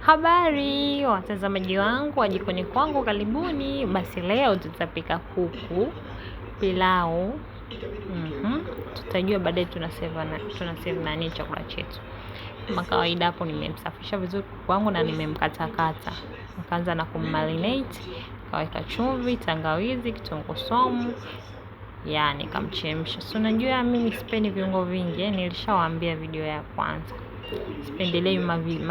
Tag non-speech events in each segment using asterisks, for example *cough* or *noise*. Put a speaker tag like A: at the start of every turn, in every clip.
A: Habari watazamaji wangu wa jikoni kwangu, karibuni. Basi leo tutapika kuku pilau. mm -hmm. Tutajua baadaye save nani chakula chetu. Kama kawaida, hapo nimemsafisha vizuri kuku wangu na nimemkatakata, nikaanza na kummarinate, kaweka chumvi, tangawizi, kitunguu saumu, yani kamchemsha. So unajua mimi sipendi viungo vingi, yaani nilishawaambia video ya kwanza sipendelei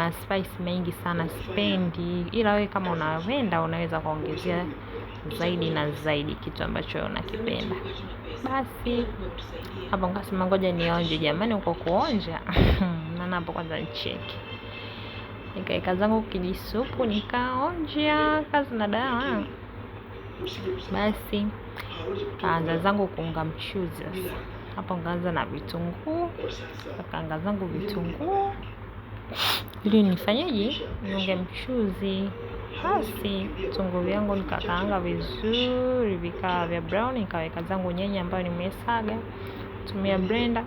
A: maspice mengi sana sipendi, ila wewe kama unawenda unaweza kuongezea zaidi na zaidi kitu ambacho unakipenda. Basi hapo nikasema ngoja nionje, jamani, uko kuonja maana *laughs* hapo kwanza nicheki nikaeka zangu kijisupu nikaonja kazi na dawa. Basi kaanza zangu kuunga mchuzi sasa hapo nikaanza na vitunguu, kakaanga zangu vitunguu ili nifanyeje, niunge mchuzi. Basi vitunguu vyangu nikakaanga vizuri, vikawa vya brown, nikaweka zangu nyanya ambayo nimesaga tumia blender,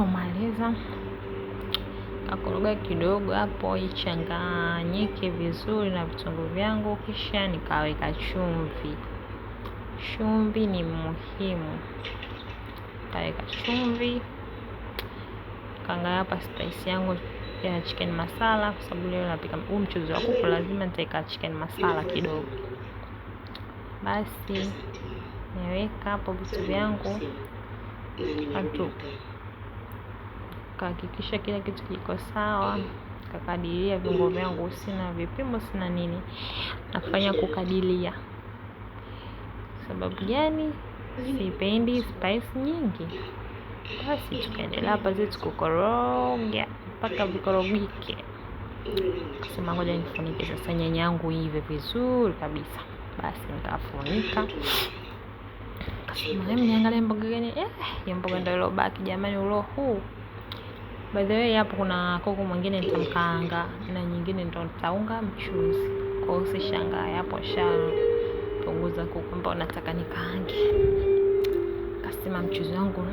A: omaliza kakoroga kidogo hapo ichanganyike vizuri na vitunguu vyangu, kisha nikaweka chumvi. Chumvi ni muhimu nitaweka chumvi, kangaa hapa spice yangu ya chicken masala, kwa sababu leo napika huu mchuzi wa kuku, lazima nitaweka chicken masala kidogo. Basi naweka hapo vitu vyangu atu kahakikisha kila kitu kiko sawa, kakadiria viungo vyangu, sina vipimo, sina nini, nafanya kukadiria. Sababu gani? sipendi spice nyingi. Basi tukaendelea hapa zetu kukoroga mpaka vikorogike. Kasema ngoja nifunike sasa nyanya yangu ive vizuri kabisa. Basi nikafunika. Kasema hebu niangalie mboga gani? Eh, ya mboga ndio ilobaki jamani, ulo huu. By the way, hapo kuna kuku mwingine nitamkaanga na nyingine ndo nitaunga mchuzi. Kwa usishangaa hapo sha punguza kuku mbona nataka nikaange nasema mchuzi wangu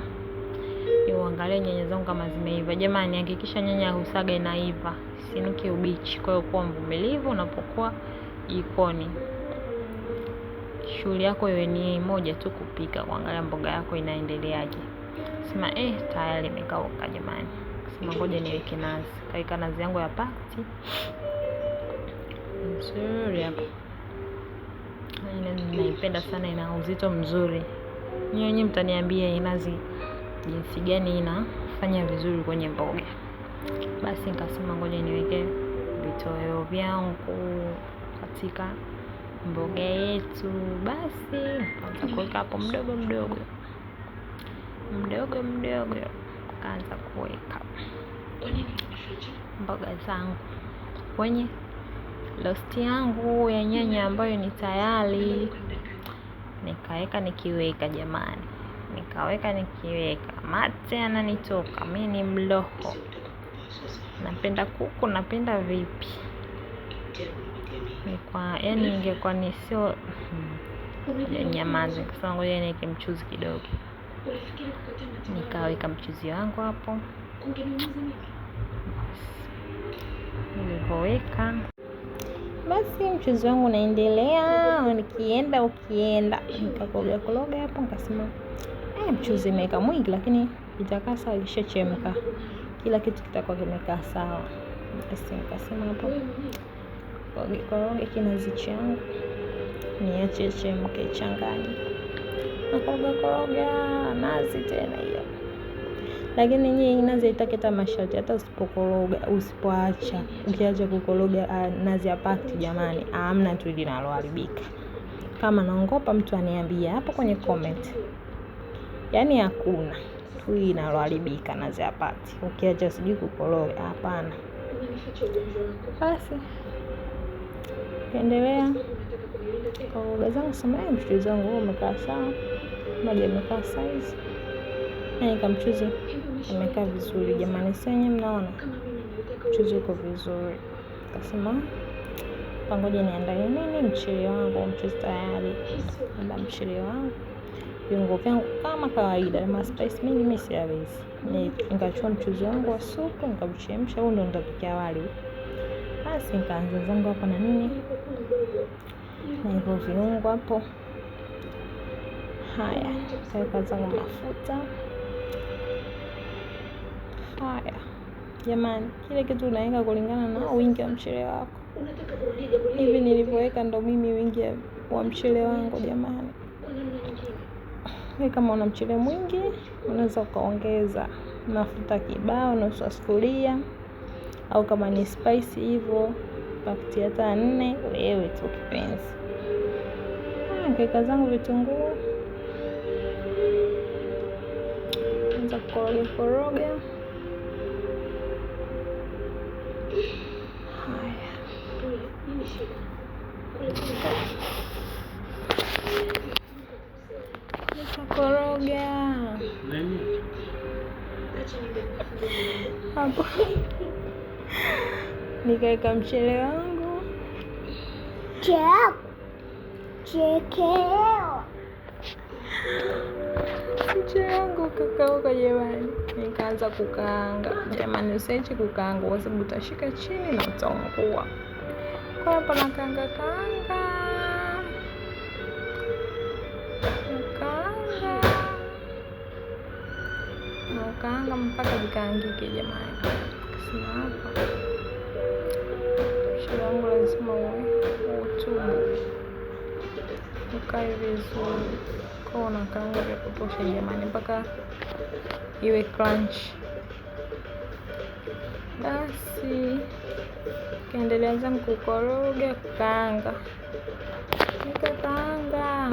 A: uangalie nyanya zangu kama zimeiva. Jamani, hakikisha nyanya ya Usaga inaiva, sinuki ubichi. Kwa hiyo kuwa mvumilivu unapokuwa jikoni. Shughuli yako iwe ni moja tu, kupika, kuangalia mboga yako inaendeleaje. Sema eh, tayari imekauka jamani. Sema ngoja niweke nazi, kaika nazi yangu ya pati nzuri hapo, naipenda sana, ina uzito mzuri. Nyinyi wenyewe mtaniambia inazi jinsi gani inafanya vizuri kwenye mboga. Basi nikasema ngoja niweke vitoweo vyangu katika mboga yetu. Basi nikaanza kuweka hapo mdogo mdogo mdogo mdogo, kaanza kuweka mboga zangu kwenye losti yangu ya nyanya ambayo ni tayari nikaweka nikiweka, jamani, nikaweka nikiweka, mate ananitoka. Mi ni mloho, napenda kuku, napenda vipi kwa yani, ingekuwa ni sio hmm, nyamazi, kasema ngoja niweke mchuzi kidogo, nikaweka mchuzi wangu hapo, nilipoweka basi mchuzi wangu unaendelea, nikienda ukienda, nikakoga kologa hapo, nikasema eh, mchuzi imeweka mwingi, lakini itakaa sawa, ilishachemka, kila kitu kitakuwa kimekaa sawa. Basi nikasema hapo koroge kinazi changu niache chemke, changanye, nakoroga koroga nazi tena hiyo lakini nyie inaziaitake mashati hata usipokoroga, usipoacha, ukiacha kukoroga ah, nazi ya pakti jamani, amna tu linaloharibika. Kama naongopa mtu aniambia hapo kwenye comment, yaani hakuna tu inaloharibika nazi ya pakti ukiacha sijui kukoroga, hapana. Basi endelea kakoroga zangu, samahani mchuzi wangu umekaa sawa, maji yamekaa saizi, nikamchuzi imekaa vizuri jamani, wenye mnaona mchuzi uko vizuri. Kasema pangoja niandae nini mchele wangu, mchuzi tayari. Anda mchele wangu, viungo vyangu kama kawaida, ma spice mingi mimi siwezi. Nikachukua mchuzi wangu wa supu nikauchemsha, huo ndo nitapikia wali. Basi nikaanza zangu hapa na nini na hivyo viungo hapo. Haya, kaweka zangu mafuta Haya jamani, kila kitu unaweka kulingana na wingi wa mchele wako. Hivi nilivyoweka ndo mimi wingi wa mchele wangu. Jamani, kama una mchele mwingi unaweza ukaongeza mafuta kibao, nusu sufuria, au kama ni spicy hivyo pakiti hata nne, wewe tu kipenzi. Kaka zangu vitunguu, anza kukoroga koroga. गया hapo nikaweka mchele wangu mchele wangu kakauka jamani, nikaanza kukaanga jamani. Usiache kukaanga kwa sababu utashika chini na utaungua. Kwa hapo nakaanga kaanga kukaanga mpaka vikaangike jamani. Kasema hapa mchele wangu lazima uwe utubu, ukae vizuri, ka unakaanga vya kutosha jamani, mpaka iwe crunch. Basi kaendelea zangu kukoroga, kukaanga, nikakaanga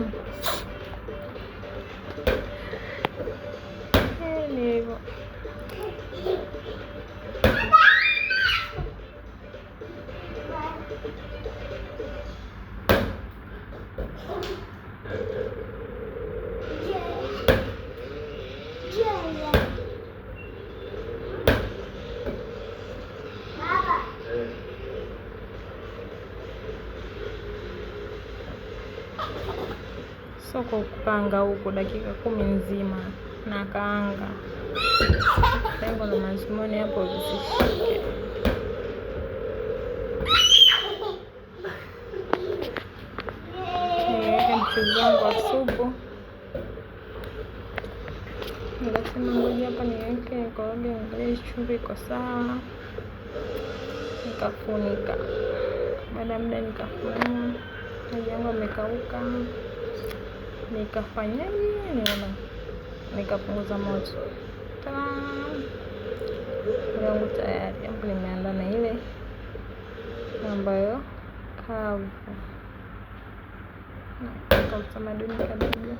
A: Soko kupanga huku dakika kumi nzima na kaanga. Lengo la mazimuni hapo visishike. Niweke mchuzi wangu wa supu. Sema ngoja hapa niweke nikoroge, angalia chumvi iko sawa, nikafunika. Baada ya muda nikafunika, maji yangu yamekauka, nikafanyaje? Niona nikapunguza moto yangu tayari hapo, nimeandaa na ile ambayo kavu na utamaduni kadogo